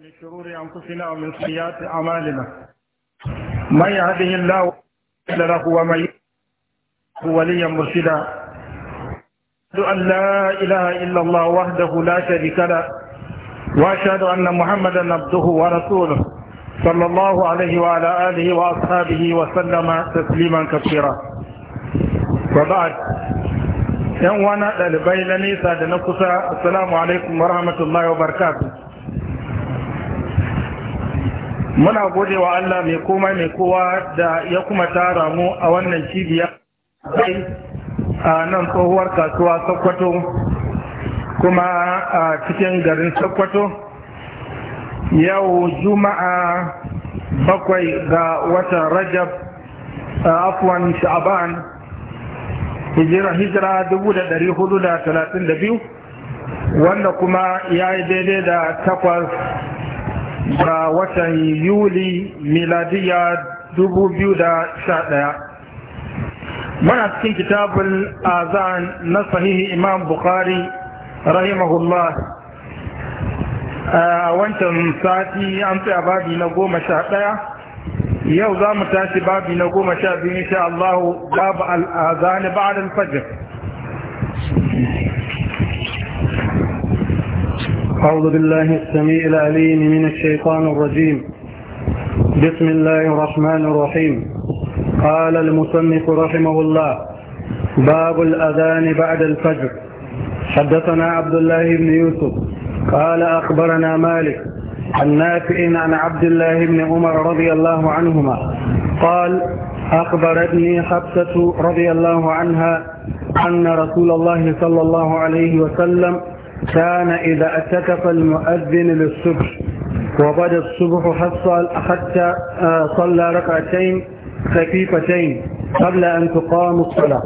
من شرور أنفسنا ومن سيئات أعمالنا من يهده الله إلا له ومن هو وليا مرشدا أشهد أن لا إله إلا الله وحده لا شريك له وأشهد أن محمدا عبده ورسوله صلى الله عليه وعلى آله وأصحابه وسلم تسليما كثيرا وبعد yan wana ɗalibai na nesa da na kusa assalamu alaikum wa rahmatullahi wa barakatuh muna gode wa Allah mai komai mai kowa da ya kuma tara mu a wannan cibiya a nan tsohuwar kasuwa sokoto kuma a cikin garin sokoto yau juma'a bakwai ga watan rajab afwan sha'aban hijira hijira 432 wanda kuma ya yi daidai da takwas ga watan yuli miladiya 2011 muna cikin kitabul azan na sahihi imam bukhari rahimahullah a wancan sati an tsaya babi na goma sha ɗaya yau za mu tashi babi na goma sha biyu insha Allah babu al'azani ba'ad al-fajr أعوذ بالله السميع العليم من الشيطان الرجيم بسم الله الرحمن الرحيم قال المصنف رحمه الله باب الأذان بعد الفجر حدثنا عبد الله بن يوسف قال أخبرنا مالك عن نافع عن عبد الله بن عمر رضي الله عنهما قال أخبرتني حفصة رضي الله عنها أن رسول الله صلى الله عليه وسلم كان إذا اعتكف المؤذن للصبح وبدا الصبح حصل حتى آه، صلى ركعتين خفيفتين قبل أن تقام الصلاة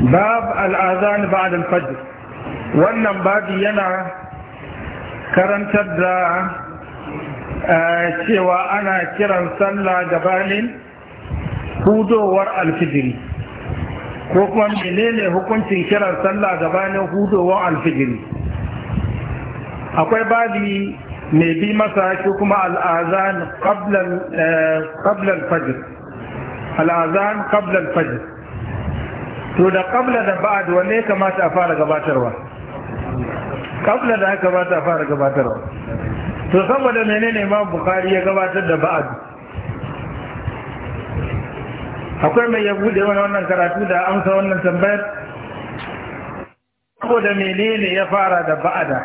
باب الآذان بعد الفجر باب ينا كرن تبدا آه، سوى أنا كرن صلى جبال gabanin ورأى الفجر ko kuma menene hukuncin kiran sallah gabanin hudowa alfijiri akwai babi mai bi masa shi kuma al'azan qablan eh, fajr al'azan qablan fajr to da qabla da ba'd wanne ya kamata a fara gabatarwa qabla da kamata a fara gabatarwa to saboda menene ma bukhari ya gabatar da ba'd akwai mai ya bude wani wannan karatu da amsa wannan tambayar saboda menene ya fara da ba'ada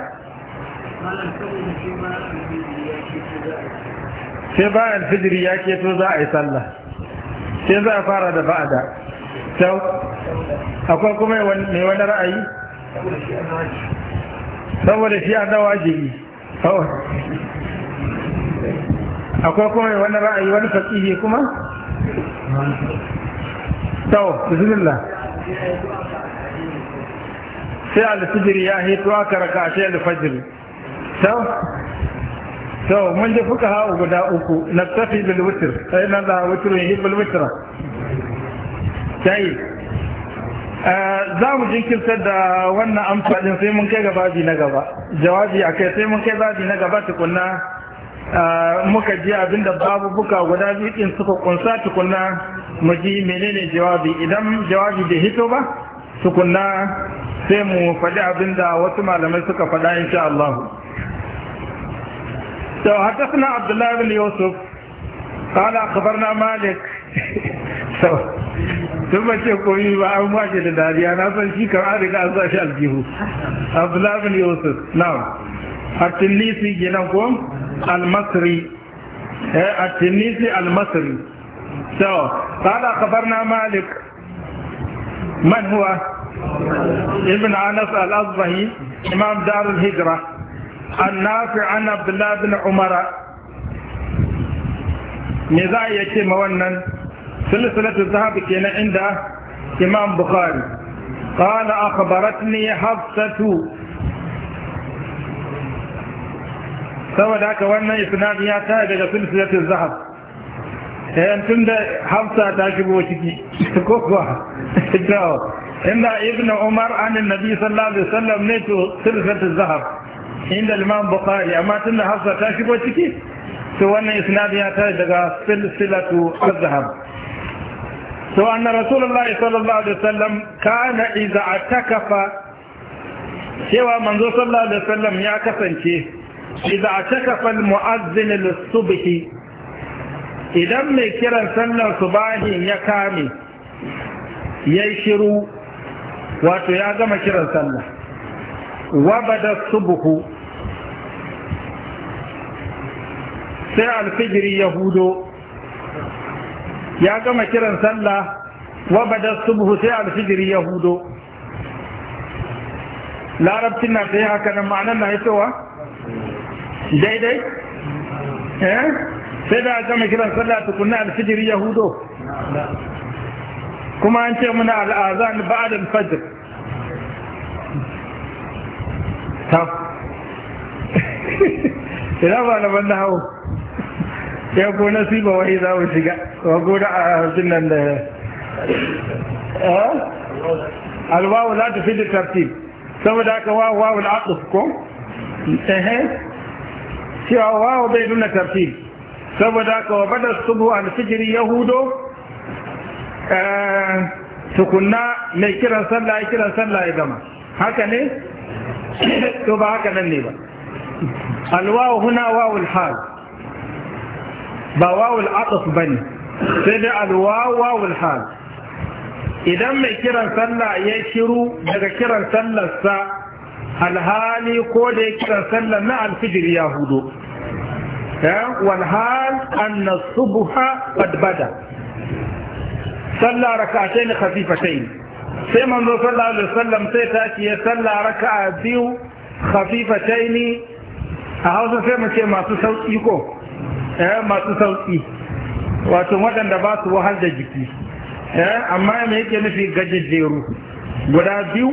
sai bayan fijiri ya keto za a yi sallah sai za a fara da ba'ada sau akwai kuma mai wani ra'ayi saboda shi an dawa jiri akwai kuma mai wani ra'ayi wani fakihi kuma to bismillah sai alfijir ya hito aka raka sai shi alfajir to to mun ji fuka hau guda uku na tafi bil witr sai nan da witr yi bil witr sai eh, za mu jinkirtar da wannan amfadin sai mun kai gaba babi na gaba jawabi akai sai mun kai babi na gaba tukunna Ah, muka ji abinda babu buka guda biyu suka kunsa tukunna mu ji menene jawabi idan jawabi bai hito ba tukunna sai mu faɗi abinda wasu malamai suka faɗa insha Allah تو حدثنا عبد الله بن Malik? To اخبرنا مالك koyi ba بقى ما da dariya na san shi kan an riga an sa shi aljihu Abdullah bin Yusuf na'am at-Tilisi gina ko al-Masri eh, at-Tunisi al-Masri so qala khabarna Malik manuwa ibn Anas al-Azbahi imam dar al-Hijra an-Nafi' an bin Umar me za iya ce ma wannan silsilatu zahabi kenan inda imam Bukhari قال أخبرتني حفصة saboda haka wannan isnadin ya tare daga silsilatul zahab eh tun da hafsa ta shigo ciki ko kuwa inda ibn umar an nabi sallallahu alaihi wasallam ne to silsilatul zahab inda imam bukhari amma tun da hafsa ta shigo ciki to wannan isnadin ya tare daga silsilatul zahab to anna rasulullahi sallallahu alaihi wasallam kana idza atakafa cewa manzo sallallahu alaihi wasallam ya kasance إذا اعتكف المؤذن للصبح إذا ما كرا صلى صباح يكامي يشرو واتو يعظم كرا صلى وبدا الصبح ساعة الفجر يهودو ya gama kiran sallah wa badar subhu sai alfijiri ya hudo larabcin na ta haka nan ma'anar na hitowa إزاي إزاي سيدة عزامة كده صلى الله تكون على الفجر يهودو كما أنت من الآذان بعد الفجر طب إذا أنا من نهو يقول نصيبه وإذا وشيك وقول سنن آه، آه، الواو لا تفيد الترتيب سوى ذاك واو واو العقف كم cewa wawa bai nuna tartib saboda ka wa badar subu alfijiri ya hudo eh, tukunna mai kiran sallah ya kiran sallah ya gama haka ne to ba haka nan ne ba alwawo huna wawul hal ba wawul atuf ba ne sai dai alwawo wawul hal idan mai kiran sallah ya shiru daga kiran sallarsa alhali ko da ya kira sallar na alfijir ya hudu walhal an na subuha badbada sallah raka'atai ne khafifatai sai manzo sallallahu alaihi sallam sai ta ce sallah raka'a biyu khafifatai ne a hausa sai mu ce masu sauki ko masu sauki wato waɗanda ba su wahal da jiki amma me yake nufi gajejjeru guda biyu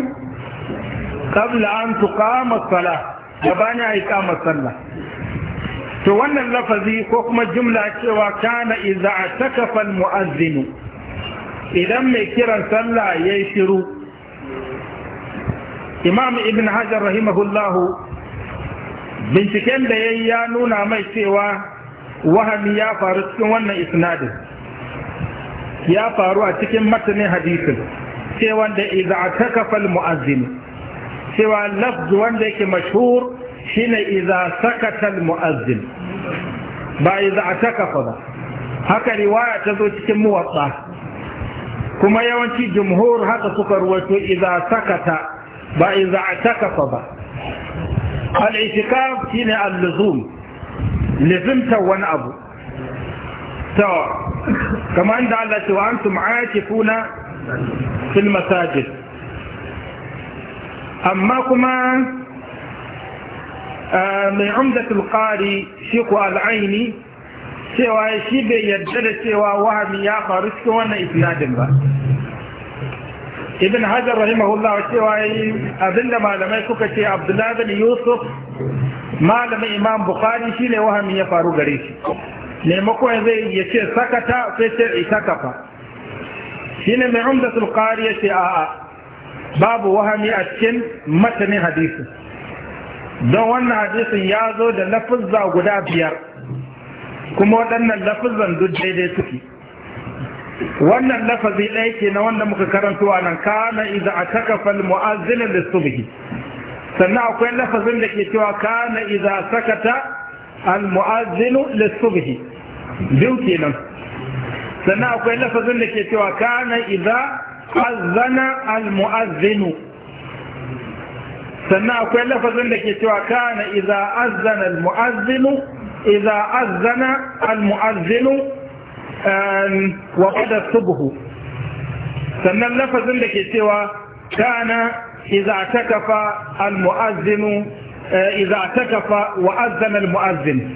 qabla an tuqama as-salah gabani a iqama sallah to wannan lafazi ko kuma jumla cewa kana idza atakafa al-mu'azzin idan mai kiran sallah yayi shiru imam ibn hajar rahimahullah binciken da yayi ya nuna mai cewa wahami ya faru cikin wannan isnadin ya faru a cikin matanin hadisin cewa da idza atakafa al-mu'azzin سوى اللفظ وانديك مشهور حين إذا سكت المؤذن با إذا أتكف هكا رواية تذوتك موطة كما يوانتي جمهور هكا سكر وتو إذا سكت با إذا أتكف الاعتكاف حين اللزوم لزم توان أبو تو كما عند الله سوى أنتم عاتفون في المساجد amma kuma eh, mai amdatul qari shi ku al'aini cewa shi bai yarda da cewa wahami ya faru cikin wannan isnadin ba ibn hajar rahimahullah cewa yi abinda malamai suka ce abdullahi yusuf malamin imam bukhari ne wahami ya faru gare shi maimakon zai ya ce sakata sai ce shi shine mai umdatul qari ya ce a'a babu wahami a cikin matanin hadisi don wannan hadisin ya zo da lafizza guda biyar kuma waɗannan lafizan duk daidai suke wannan lafazi ɗaya ke na wanda muka karanta wa nan kana iza a takafal mu'azzinin da subhi sannan akwai lafazin da ke cewa kana iza sakata al mu'azzinu lisubhi biyu kenan sannan akwai lafazin da ke cewa kana iza azana almu'azzinu sannan akwai lafazin da ke cewa kana idza azana almu'azzinu idza azana almu'azzinu wa qada subhu sannan lafazin da ke cewa kana idza takafa almu'azzinu idza takafa wa azana almu'azzin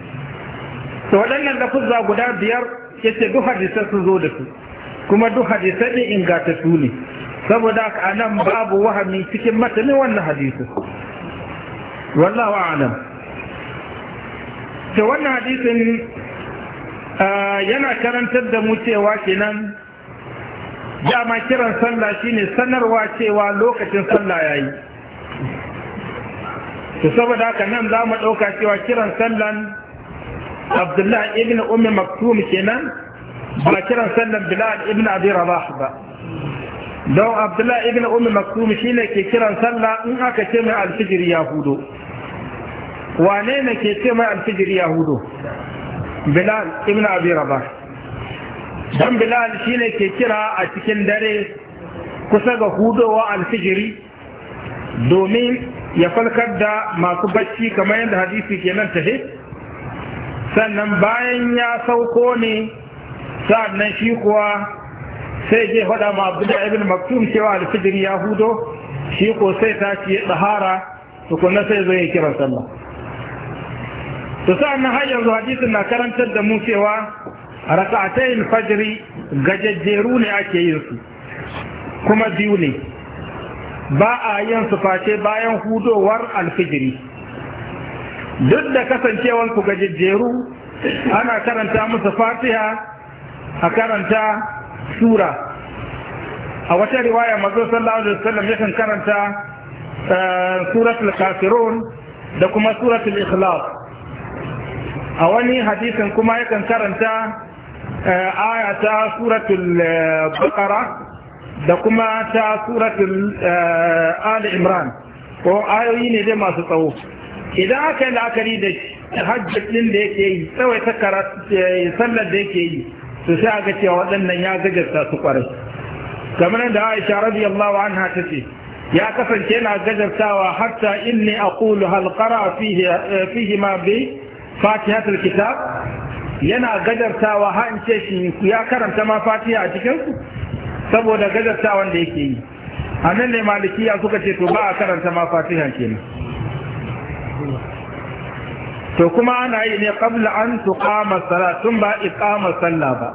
to waɗannan lafuzza guda biyar yace duk hadisan sun zo da su kuma duk hadisai ɗin su ne saboda haka a nan babu wahami cikin matanin wannan hadisin wallahu a'lam ta wannan hadisin yana karantar da mu cewa kenan dama kiran sallah shine sanarwa cewa lokacin sallah yayi to saboda ka nan za mu ɗauka cewa kiran sallan abdullahi ibn ummi maktum kenan ba kiran sannan bilal ibn abi rabah ba don abdullahi ibn umar maktum ne ke kiran sallah in aka ce mai alfijir ya hudo wane ne ke ce mai alfijir ya hudo bilal ibn abi rabah don bilal shi ne ke kira a cikin dare kusa ga hudowa alfijiri domin ya falkar da masu bacci kamar yadda hadisi ke nan tahe sannan bayan ya sauko ne sa'annan shi kuwa sai je faɗa ma abu da ibn maktum cewa alfijir ya hudo shi ko sai ta ce ya tsahara tukunna sai zai ya kiran sallah to sa'annan har yanzu hadisin na karantar da mu cewa raka'atayn fajri gajajjeru ne ake yin su kuma biyu ne ba a yin su face bayan hudowar alfijiri duk da kasancewar ku ana karanta musu fatiha a karanta sura a wata riwaya mazo sallallahu alaihi wasallam yakan karanta eh, suratul kafirun da kuma suratul ikhlas a wani hadisin kuma yakan karanta eh, aya ta suratul eh, baqara da kuma ta suratul ali imran ko ayoyi ne dai masu tsawo idan aka yi la'akari da hajjin da yake yi tsawai ta sallar da yake yi su sai aka cewa waɗannan ya gajarta su ƙwarai, kamar da Aisha radiyallahu anha ce ya kasance na gajartawa hatta inni a ƙulu halƙara eh, fihi ma bi fatihatul kitab yana gajartawa ha ce shi ya karanta ma fatiha a cikinsu saboda gajartawan da yake yi a nan ne malikiya suka ce to ba a karanta ma fatiha kenan to kuma ana yi ne kabla an kama salat tun ba iqama sallah ba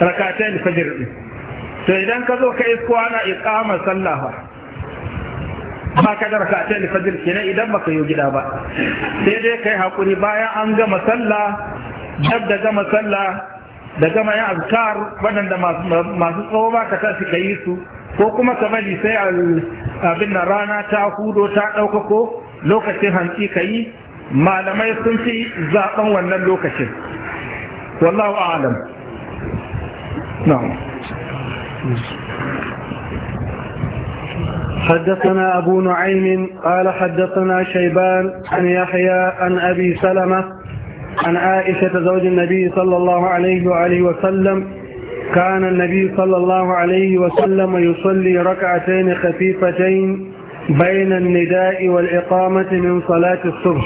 rak'atayn fajir ɗin to idan ka zo ka isko ana iqama sallah ba ba ka da rak'atayn fajr kenan idan ba ka yi gida ba sai dai ka yi haƙuri bayan an gama sallah dab da gama sallah da gama yin azkar waɗanda masu tsawo ba ka tafi ka yi su ko kuma ka bari sai abin rana ta hudo ta ɗaukako lokacin hantsi ka yi malamai sun fi zaben wannan lokacin wallahu alam حدثنا أبو نعيم قال حدثنا شيبان عن يحيى عن أبي سلمة عن عائشة زوج النبي صلى الله عليه وآله وسلم كان النبي صلى الله عليه وسلم يصلي ركعتين خفيفتين بين النداء والإقامة من صلاة الصبح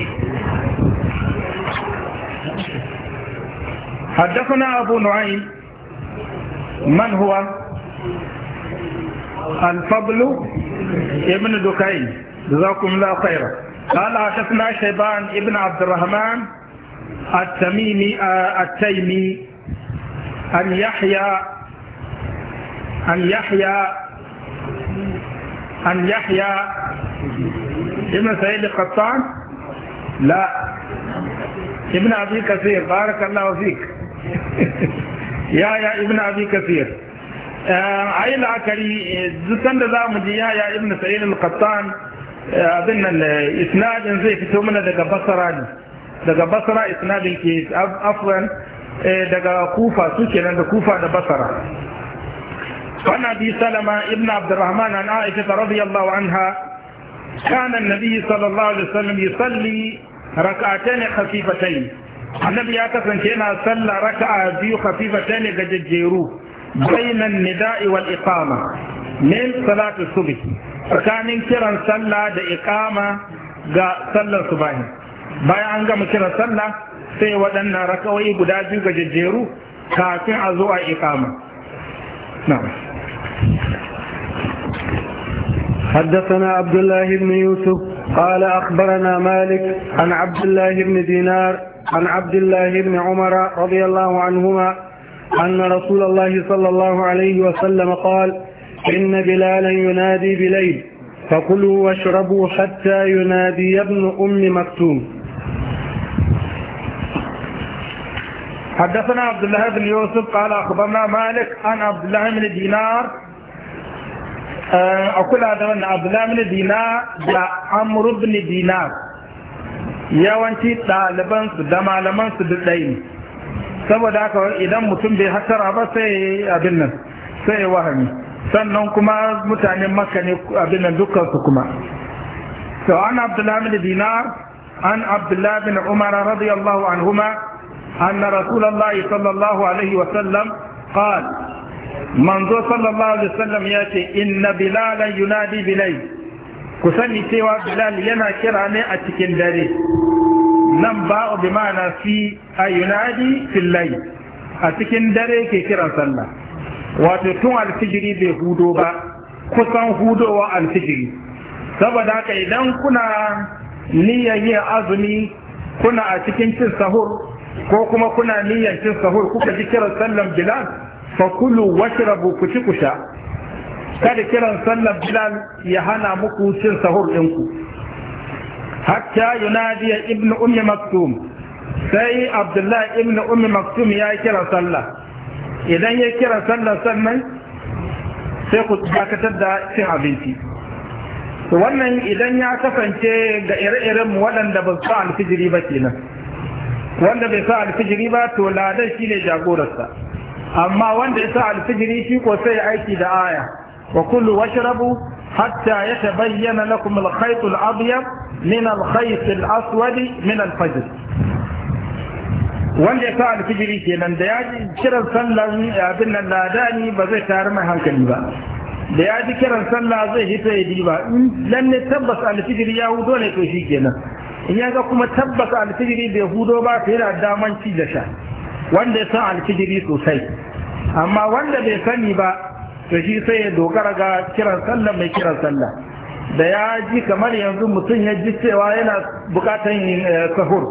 حدثنا أبو نعيم من هو الفضل ابن دكين جزاكم الله خيرا قال حدثنا شيبان ابن عبد الرحمن التميمي آه، التيمي أن يحيى أن يحيى أن يحيى ابن سعيد القطان لا ابن أبي كثير بارك الله فيك يايا ابن أبي كثير أي العكري زكان ذا مجي يايا ابن سعيد القطان أظن الإسناد زي في تومنا دقا بصراني دقا بصرا إسناد الكيس أفوا دقا كوفا سوكينا دقا كوفا دقا بصرا فأنا أبي سلمة ابن عبد الرحمن عن عائشة رضي الله عنها كان النبي صلى الله عليه وسلم يصلي ركعتين خفيفتين annabi ya kasance yana sallah raka'a biyu khafifatan ga jajjeru bainan nida'i wal iqama min salatu subh tsakanin kiran sallah da iqama ga sallar subahi bayan an gama kiran sallah sai waɗannan rakawai guda biyu ga jajjeru kafin a zo a iqama حدثنا عبد الله بن يوسف قال أخبرنا مالك عن عبد الله بن دينار عن عبد الله بن عمر رضي الله عنهما أن رسول الله صلى الله عليه وسلم قال إن بلالا ينادي بليل فكلوا واشربوا حتى ينادي ابن أم مكتوم حدثنا عبد الله بن يوسف قال أخبرنا مالك عن عبد الله بن دينار آه، أقول هذا أن عبد الله بن دينار عمرو بن دينار yawanci ɗalibansu da malamansu duk ɗaya ne saboda haka idan mutum bai hattara ba sai abin nan sai wahami sannan kuma mutanen maka ne abin nan dukkansu kuma to an abdullahi bin dinar an abdullahi bin umar radiyallahu anhuma anna rasulullahi sallallahu alaihi wa sallam manzo sallallahu alaihi wa sallam yace inna bilalan yunadi bilai. ku sani cewa bilal yana kira ne a cikin dare nan o bi ma'ana fi ayunadi fil layl a cikin dare ke kiran sallah wato tun alfijiri bai hudo ba kusan hudowa alfijiri saboda haka idan kuna niyyar yin azumi kuna a cikin cin sahur ko kuma kuna niyyar cin sahur kuka ji kiran sallan bilal fa kulu washrabu ku ci ku sha kada kiran sallar bilal ya hana muku cin sahur ɗinku hatta yunadiya ibn ummi maktum sai abdullahi ibn ummi maktum ya kira sallah idan ya kira sallar sannan sai ku dakatar da cin abinci wannan idan ya kasance ga ire-iren waɗanda ba su alfijiri ba kenan wanda bai sa alfijiri ba to ladan shine jagorarsa amma wanda ya sa alfijiri shi ko sai aiki da aya وكلوا واشربوا حتى يتبين لكم الخيط الأبيض من الخيط الأسود من الفجر wanda ya sa alfijiri kenan da ya ji kiran sallar abin nan ladani ba zai taru mai hankali ba da ya ji kiran sallah zai hita ya ba in lalle tabbas alfijiri ya hudo ne to shi kenan in ya ga kuma tabbas alfijiri bai hudo ba to yana daman ci da sha wanda ya san alfijiri sosai amma wanda bai sani ba to shi sai ya dogara ga kiran sallah mai kiran sallah da ya ji kamar yanzu mutum ya ji cewa yana bukatan eh, sahur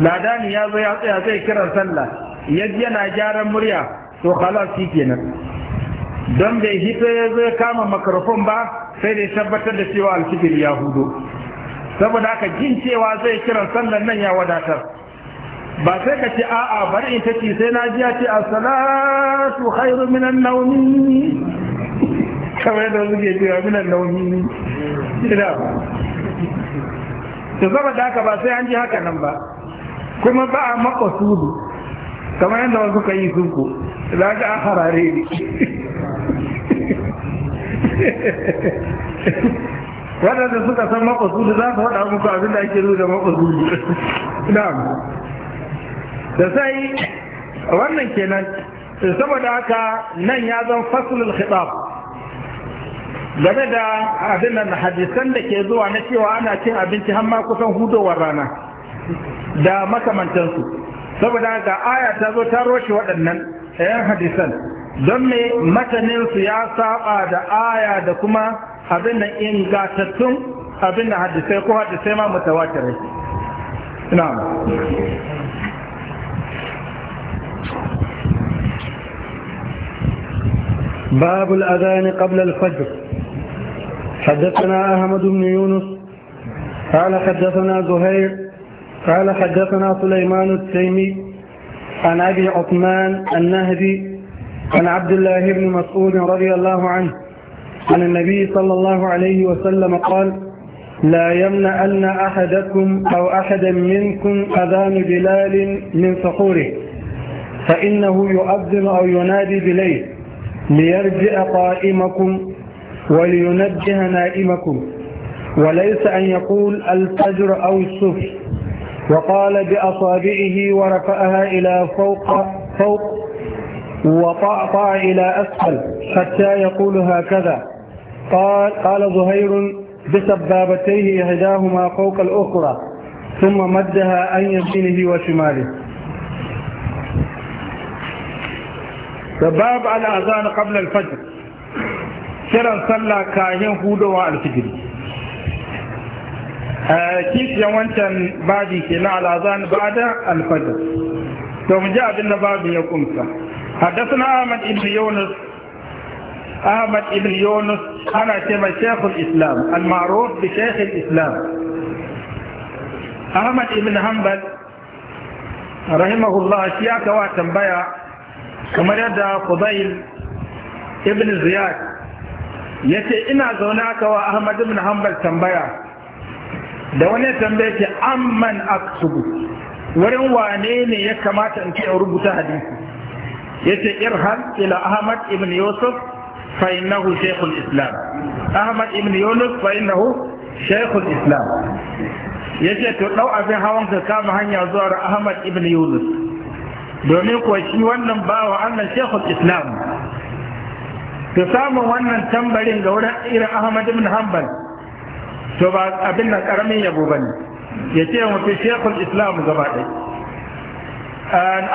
ladani ya zo ya tsaya zai kiran sallah ya ji yana gyaran murya to halar shi kenan don bai hito ya zo ya kama makarfon ba sai da ya tabbatar da cewa alfijir ya hudu saboda aka jin cewa zai kiran sallar nan ya wadatar ba sai ka ce a'a bari in take sai na ji ya ce as-salatu khairu minan nawmi kamar da suke min minan nawmi ina to da ka ba sai an ji haka nan ba kuma ba a maqsudu kamar yadda wasu kai yi sunku za ka an harare ne waɗanda suka san maqsudu za su faɗa muku abin da ake nuna maqsudu na'am da sai wannan kenan eh, saboda haka nan ya zan fasulul khitab game da abin hadisan da ke zuwa na cewa ana cin abinci har ma kusan hudowar rana da makamantansu saboda ga aya ta zo ta roshe waɗannan ɗayan hadisan don me su ya saba da aya da kuma abin da ingantattun abin da hadisai ko hadisai ma mutawatirai na'am باب الأذان قبل الفجر حدثنا أحمد بن يونس قال حدثنا زهير قال حدثنا سليمان التيمي عن أبي عثمان النهدي عن عبد الله بن مسعود رضي الله عنه عن النبي صلى الله عليه وسلم قال لا يمنعن أحدكم أو أحدا منكم أذان بلال من سحوره فإنه يؤذن أو ينادي بليل ليرجع قائمكم ولينجه نائمكم وليس أن يقول الفجر أو الصبح وقال بأصابعه ورفعها إلى فوق فوق وطعطع إلى أسفل حتى يقول هكذا قال قال زهير بسبابتيه إحداهما فوق الأخرى ثم مدها عن يمينه وشماله فباب الأذان قبل الفجر كرا صلى كاهن هودو الفجر آه، كيف يوانتن بعدي كنا الأذان بعد الفجر ثم جاء بن باب يقوم حدثنا أحمد بن يونس أحمد بن يونس أنا كما شيخ الإسلام المعروف بشيخ الإسلام أحمد بن حنبل رحمه الله شيخ واتن بيع kamar yadda Fudail ibn Ziyad ya ce ina zaune aka wa Ahmad ibn Hanbal tambaya da wani tambaye ce amman aktubu wurin wane ne ya kamata in ce rubuta hadisi ya ce irhal ila Ahmad ibn Yusuf fa innahu shaykhul Islam Ahmad ibn Yunus fa innahu shaykhul Islam ya ce to dau abin hawan ka kama hanya zuwa Ahmad ibn Yunus domin kuwa shi wannan bawa Allah shekul islam to samu wannan tambarin ga wurin irin ahmad ibn hanbal to ba abin nan karamin yabo ba ne ya ce mutu shekul islam gaba ɗai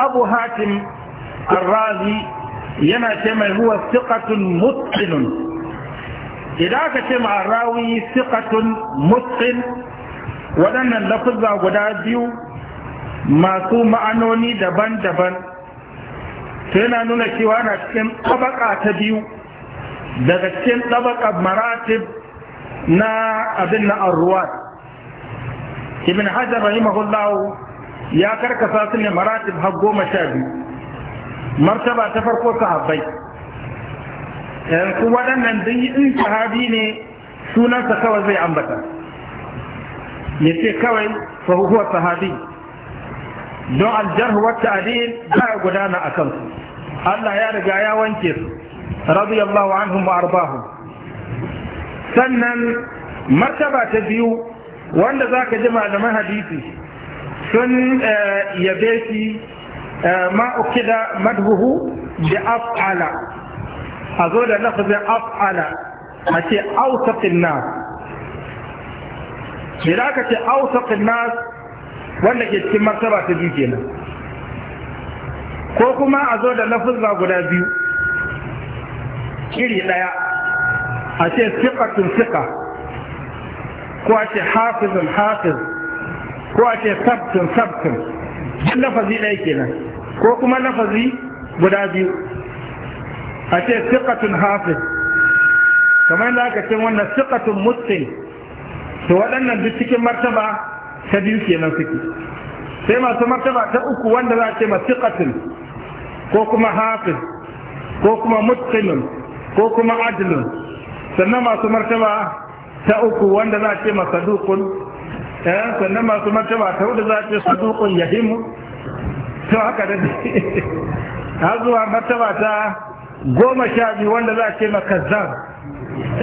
abu hatim arrazi yana ce mai ruwa siƙatun mutsinun idan aka ce ma rawi siƙatun mutsin waɗannan lafuzza guda biyu masu ma'anoni daban-daban to yana nuna cewa na cikin tabaka ta biyu daga cikin tabaka maratib na abin na arruwa ibn hajar rahimahullahu ya karkasa su ne maratib har goma sha biyu martaba ta farko sahabbai yanzu eh, waɗannan duk in sahabi ne sunansa kawai zai ambata ya ce kawai fa sahabi don aljarh wa ta'dil ba ya gudana a kansu. Allah ya riga ya wanke su radiyallahu anhum wa sannan martaba ta biyu wanda zaka ji malaman hadisi sun eh, yabe shi eh, ma madhuhu bi af'ala a zo da lafazin af'ala a ce ausaqin nas idan aka ce ausaqin nas wanda ke cikin martaba ta biyu kenan ko kuma a zo da lafuzza guda biyu iri ɗaya a ce siƙatun siƙa ko a ce hafizun hafiz ko a ce sabtun sabtun jin lafazi ɗaya kenan ko kuma lafazi guda biyu a ce siƙatun hafiz kamar da aka ce wannan siƙatun mutum to waɗannan duk cikin martaba ta biyu kenan suke sai masu martaba ta uku wanda za a ce masiqatin ko kuma hafin ko kuma mutqinun ko kuma adilin sannan masu martaba ta uku wanda za a ce masadukun eh, sannan masu martaba ta hudu za a ce sadukun himu ta haka da har zuwa martaba ta goma sha biyu wanda za a ce makazzab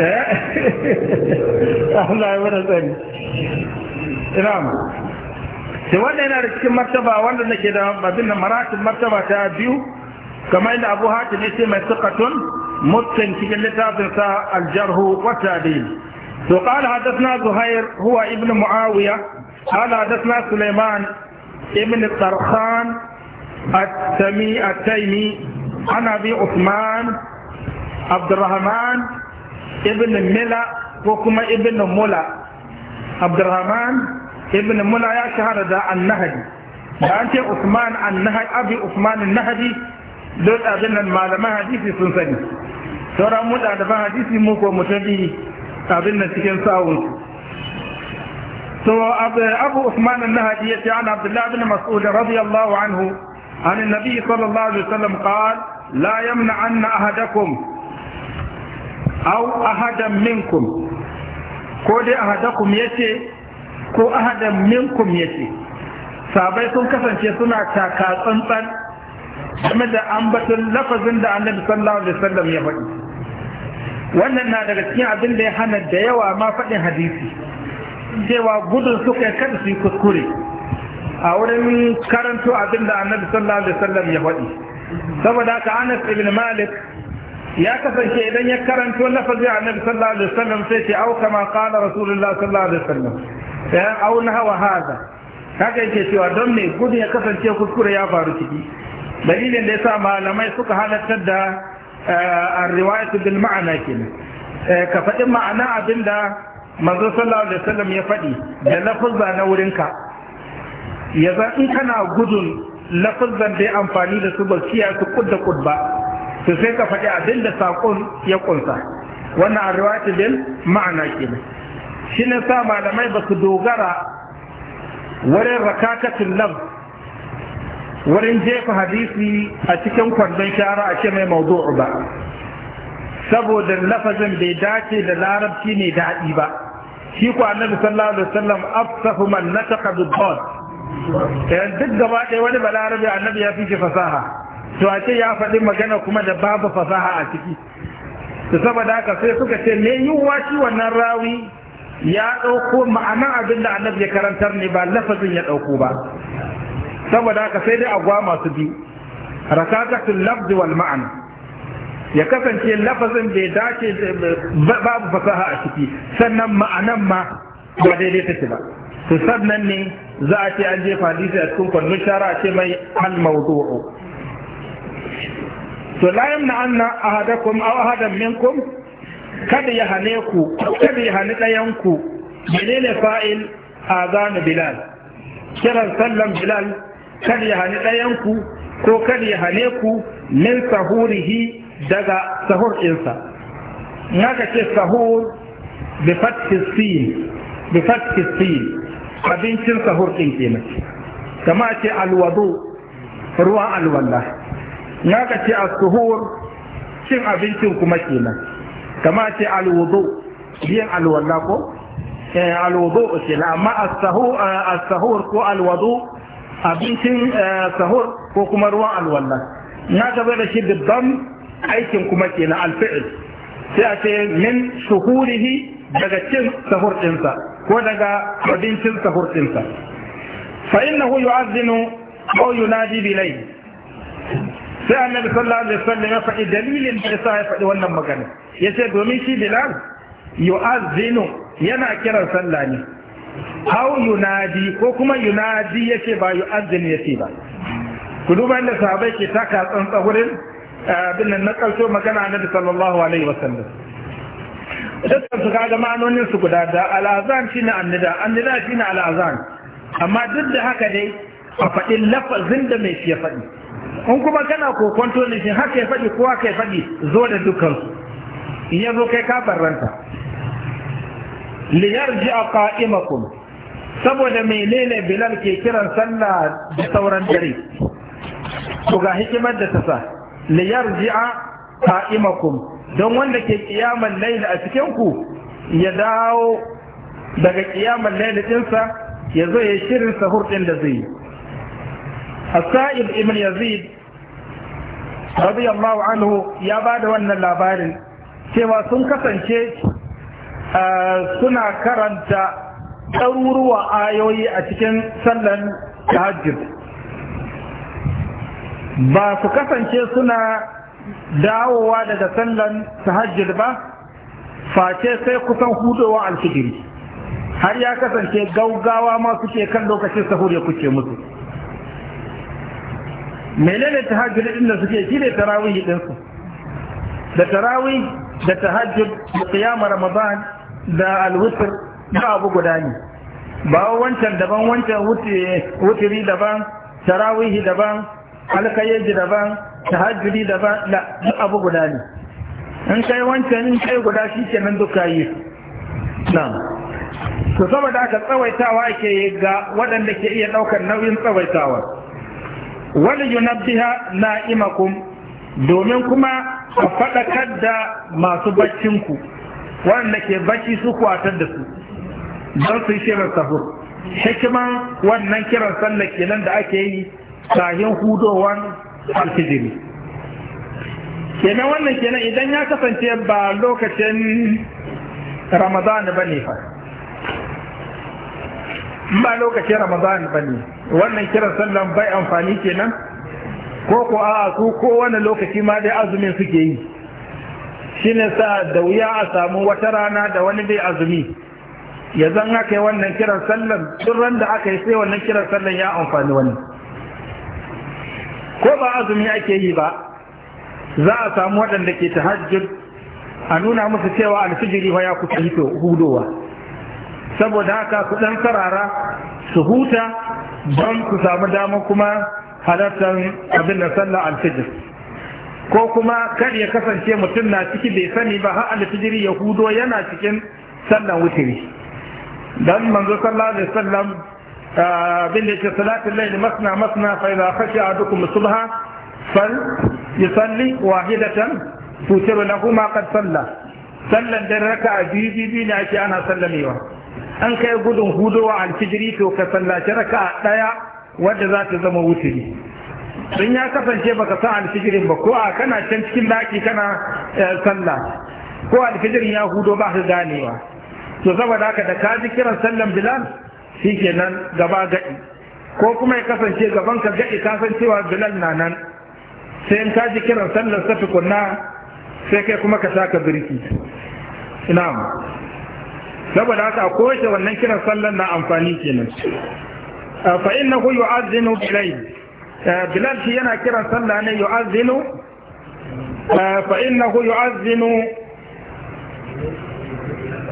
eh. Allah ya wani tsari na'am sai wanda yana da cikin martaba wanda nake da babin nan maratin martaba ta biyu kamar inda abu hatim ya ce mai sukatun mutum cikin littafin sa aljarhu wata biyu to قال حدثنا زهير هو ابن معاوية قال حدثنا سليمان ابن الطرخان التمي التيمي عن ابي عثمان عبد الرحمن ابن ملا وكما ابن ملا عبد الرحمن ابن ملا يا شهر دا النهدي وانت عثمان النهدي ابي عثمان النهدي لولا ابن المعلم حديثي سنسدي ترى ملا دفع حديثي موكو متدي ابن سكين ساون تو ابو عثمان النهدي عن عبد الله بن مسؤول رضي الله عنه عن النبي صلى الله عليه وسلم قال لا يمنعن احدكم او احدا منكم ko dai ahadakum yace ko ahadan minkum yace sabai sun kasance suna taka tsantsan game da ambaton lafazin da annabi sallallahu alaihi wasallam ya faɗi wannan na daga cikin abin da ya hana da yawa ma faɗin hadisi cewa gudun suka kada su yi kuskure a wurin karanto abin da annabi sallallahu alaihi wasallam ya faɗi saboda haka anas ibn malik ya kasance idan ya karanto lafazi annabi sallallahu alaihi wasallam sai ce au kama qala rasulullah sallallahu alaihi wasallam sai au na hawa hada haka yake cewa don ne gudun ya kasance kuskure ya faru ciki dalilin da yasa malamai suka halartar da eh, ar-riwayatu bil ma'ana kenan eh, ka faɗi ma'ana abinda manzo sallallahu alaihi wasallam ya faɗi da lafazza na wurinka ya zan in kana gudun lafazan da amfani da su ba kiyaye su kudda kudba to sai ka faɗi abin da saƙon ya ƙunsa wannan a riwayatu bil ma'ana kenan shi ne sa malamai ba su dogara wurin rakakatun lam wurin jefa hadisi a cikin kwandon shara a ce mai mawdu'u ba saboda lafazin bai dace da larabci ne daɗi ba shi ku annabi sallallahu alaihi wasallam afsahu man nataqa bid duk gaba ɗaya wani balarabi annabi ya fi fasaha to a ce ya faɗi magana kuma da babu fasaha a ciki to saboda haka sai suka ce me yiwuwa shi wannan rawi ya ɗauko ma'anar abin da annabi ya karantar ne ba lafazin ya ɗauko ba saboda haka sai dai agwa masu biyu rakatatul lafzi wal ma'ana ya kasance lafazin bai dace babu fasaha a ciki sannan ma'anan ma ba daidai take ba to sannan ne za a ce an jefa hadisi a cikin kwallon shara a ce mai al mawdu'u to la yamna anna ahadakum aw ahadan minkum kada ya hane ku kada ya hani dayan ku menene fa'il azanu bilal kiran sallan bilal kada ya hani dayan ku ko kada ya hane ku min sahurihi daga sahur ɗinsa naka ce sahur bi fathi sin abincin sahur ɗin kenan kama ce alwado ruwan alwallah na ka ce a suhur cin abincin kuma kenan kama ce alwudu biyan alwalla ko eh, alwudu ce amma a sahur eh, ko alwudu abincin eh, sahur ko kuma ruwan alwala na gaba da shi dubban aikin kuma ke na alfi'il sai a ce min shuhurihi daga cin sahur ɗinsa ko daga abincin sahur ɗinsa fa innahu yu'azzinu aw yunadi bilayl sai annabi sallallahu alaihi wasallam ya faɗi dalilin da yasa ya faɗi wannan magana ce domin shi bilal yu'azzinu yana kiran sallah ne hau yunadi ko kuma yunadi yace ba yu'azzinu yace ba ku duba inda sahabbai ke taka tsantsa wurin eh, abin nan na ƙarshe magana annabi sallallahu alaihi wasallam dukkan su kaga ma'anonin su guda da al'azan shine annida annida shine al'azan amma duk da haka dai a faɗin lafazin da mai siya faɗi in kuma kana kokonto ne shi haka ya faɗi ko haka ya faɗi zo da dukansu in kai ka barranta liyar ji a ka'imakun saboda menene bilal ke kiran sallah da sauran dare to ga hikimar da ta sa liyar ji a ka'imakun don wanda ke kiyaman laila a cikinku ya dawo daga kiyaman laila ɗinsa ya zo ya shirin sahur ɗin da zai yi السائب ابن يزيد radiyallahu anhu ya ba da wannan labarin cewa sun kasance suna karanta ɗaruruwa ayoyi a cikin sallan tahajjud ba su kasance suna dawowa daga sallan tahajjud ba face sai kusan hudowa alfijiri har ya kasance gaugawa ma suke kan lokacin sahur ya kuce musu menene tahajjud din da suke shi ne tarawih din su da tarawih da tahajjud da qiyam ramadan da alwitr da abu guda ne ba wancan daban wancan wutiri daban tarawih daban alkayeji daban tahajjud daban da abu guda ne in kai wancan in kai guda shi kenan duka yi na'am to saboda aka tsawaitawa ke ga waɗanda ke iya ɗaukar nauyin tsawaitawa wani na na'imakum domin kuma a faɗakar da masu baccinku wanda ke bacci su kwatar da su don su yi shirin sahur hikiman wannan kiran sallah kenan da ake yi sahin hudowar alfijiri kenan wannan kenan idan ya kasance ba lokacin ramadan ba ne fa in ba lokacin ramadan ba ne wannan kiran sallan bai amfani kenan ko ko a su wani lokaci ma dai azumin suke yi shi ne sa da wuya a samu wata rana da wani bai azumi ya zan aka yi wannan kiran sallan ran da aka yi sai wannan kiran sallan ya amfani wani ko ba azumi ake yi ba za a samu waɗanda ke ta hajji a nuna musu cewa alfijiri ya kusa hito hudowa saboda haka ku dan sarara su huta don ku samu dama kuma halartar abin da sallah alfijir ko kuma kar ya kasance mutum na ciki bai sani ba har alfijiri ya hudo yana cikin sallan wutiri dan manzo sallallahu alaihi wasallam abin da ke salatin laili masna masna fa idza khashiya ahadukum subha fal yusalli wahidatan tutiru lahu ma qad salla sallan dan raka'a biyu biyu ne ake ana sallamewa an kai gudun hudowa alfijiri to ka sallaci raka ɗaya wanda za ta zama wuturi in ya kasance baka san alfijirin ba ko a kana can cikin daki kana eh, sallah ko alfijirin ya hudo ba da ganewa to saboda haka da ka ji kiran sallan bilal shikenan gaba gadi ko kuma ya kasance gaban ka gadi ka san cewa bilal na nan sai in ka ji kiran sallan safi kunna sai kai kuma ka saka birki na'am saboda haka koshe wannan kiran sallar na amfani kenan eh, fa innahu yu'adhdhinu bilayl eh, bilal shi yana kiran sallah ne yu'adhdhinu eh, fa innahu yu'adhdhinu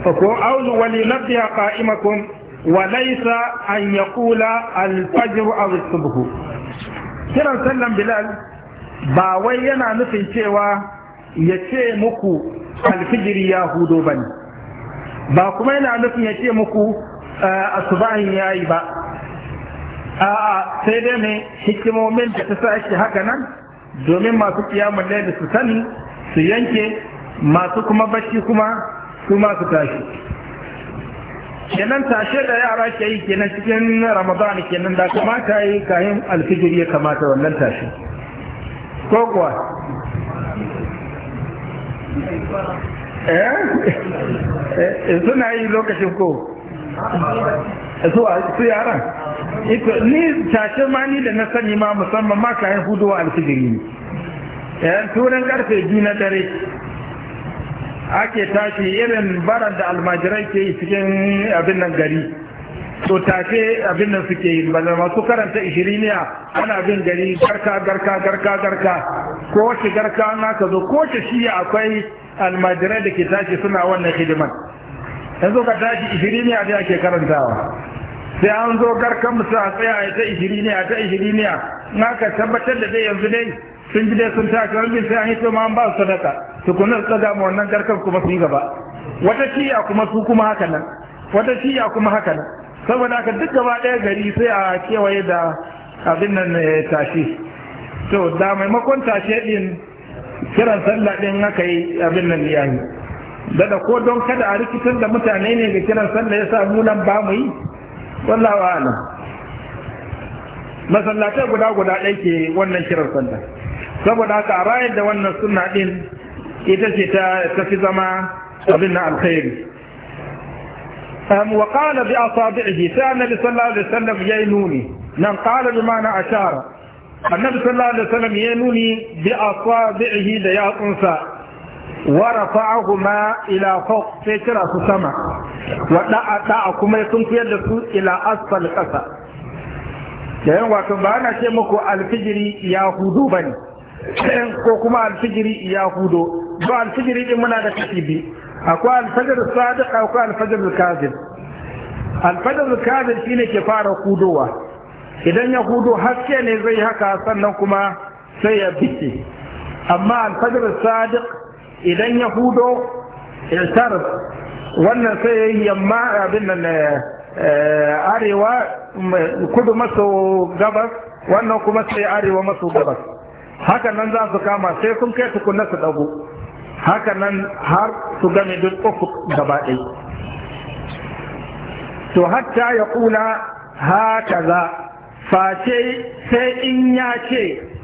fa ko awlu wa linabbiha qa'imakum wa laysa an yaqula al-fajr aw as-subh kiran sallan bilal ba wai yana nufin cewa ya ce muku alfijiri ya hudo bane ba kuma yana nufin ya ce muku a asubahin ya yi ba a'a sai dai ne hikimomin da ta sa ake haka nan domin masu kiyamun da su sani su yanke masu kuma bacci kuma su masu tashi kenan tashe da yara ke yi kenan cikin ramadan kenan da kamata yi kayan alfijir ya kamata wannan tashi ko kuwa Eh? Eh, suna yi lokacin ko eh, su yaran ni tashe ma ni da na sani ma musamman ma kayan hudowa alfijiri ne yan turan karfe biyu na dare ake tashi irin baran da almajirai ke yi cikin abin nan gari to tafe abin nan suke yi ba masu karanta ishiriniya ana bin gari garka garka garka garka ko wace garka na ka zo ko wace shi akwai almajirai da ke tashi suna wannan hidiman yanzu ka tashi ishiriniya ne ake karantawa sai an zo garkan musu a tsaya ya ta ishiriniya ta ishiriniya na ka tabbatar da zai yanzu dai sun ji dai sun tashi wani sai an yi to ma an ba su sadaka tukunan su daga wannan garkan kuma su yi gaba wata shiya kuma su kuma haka nan wata shiya kuma haka nan saboda haka duk gaba ɗaya gari sai a kewaye da abin nan eh, tashi to da maimakon tashe din kiran sallah din haka yi abin nan ya yi daga ko don kada a rikitar da mutane ne ga kiran sallah ya sa mu nan ba mu yi wa ala masallatai guda guda ɗaya ke wannan kiran sallah saboda haka a rayar da wannan sunna din ita ce ta tafi zama abin na alkhairi وقال بأصابعه سأل النبي صلى الله عليه وسلم ينوني نعم قال بمعنى ashara. annabi sallallahu alaihi wasallam ya nuni bi asabihi da yatsunsa wa rafa'ahuma ila fawq sai kira su sama wa da'a da'a kuma sun kuyar da su ila asfal qasa yayin wato ba ana ce muku alfijiri ya hudu bane ko kuma alfijiri ya hudo ba alfijiri din muna da kashi akwai alfajr sadiq akwai alfajr kazib alfajr kazib shine ke fara hudowa idan ya hudu haske ne zai haka sannan kuma sai ya bice amma alfajar sadiq idan ya hudo iltar wannan sai ya yi yamma abin nan eh, eh, arewa mm, kudu maso gabas wannan kuma sai arewa maso gabas haka nan za su kama sai sun kai tukunna su dago haka nan har su gane duk uku gaba ɗaya to hatta ya kula haka za face sai in ya ce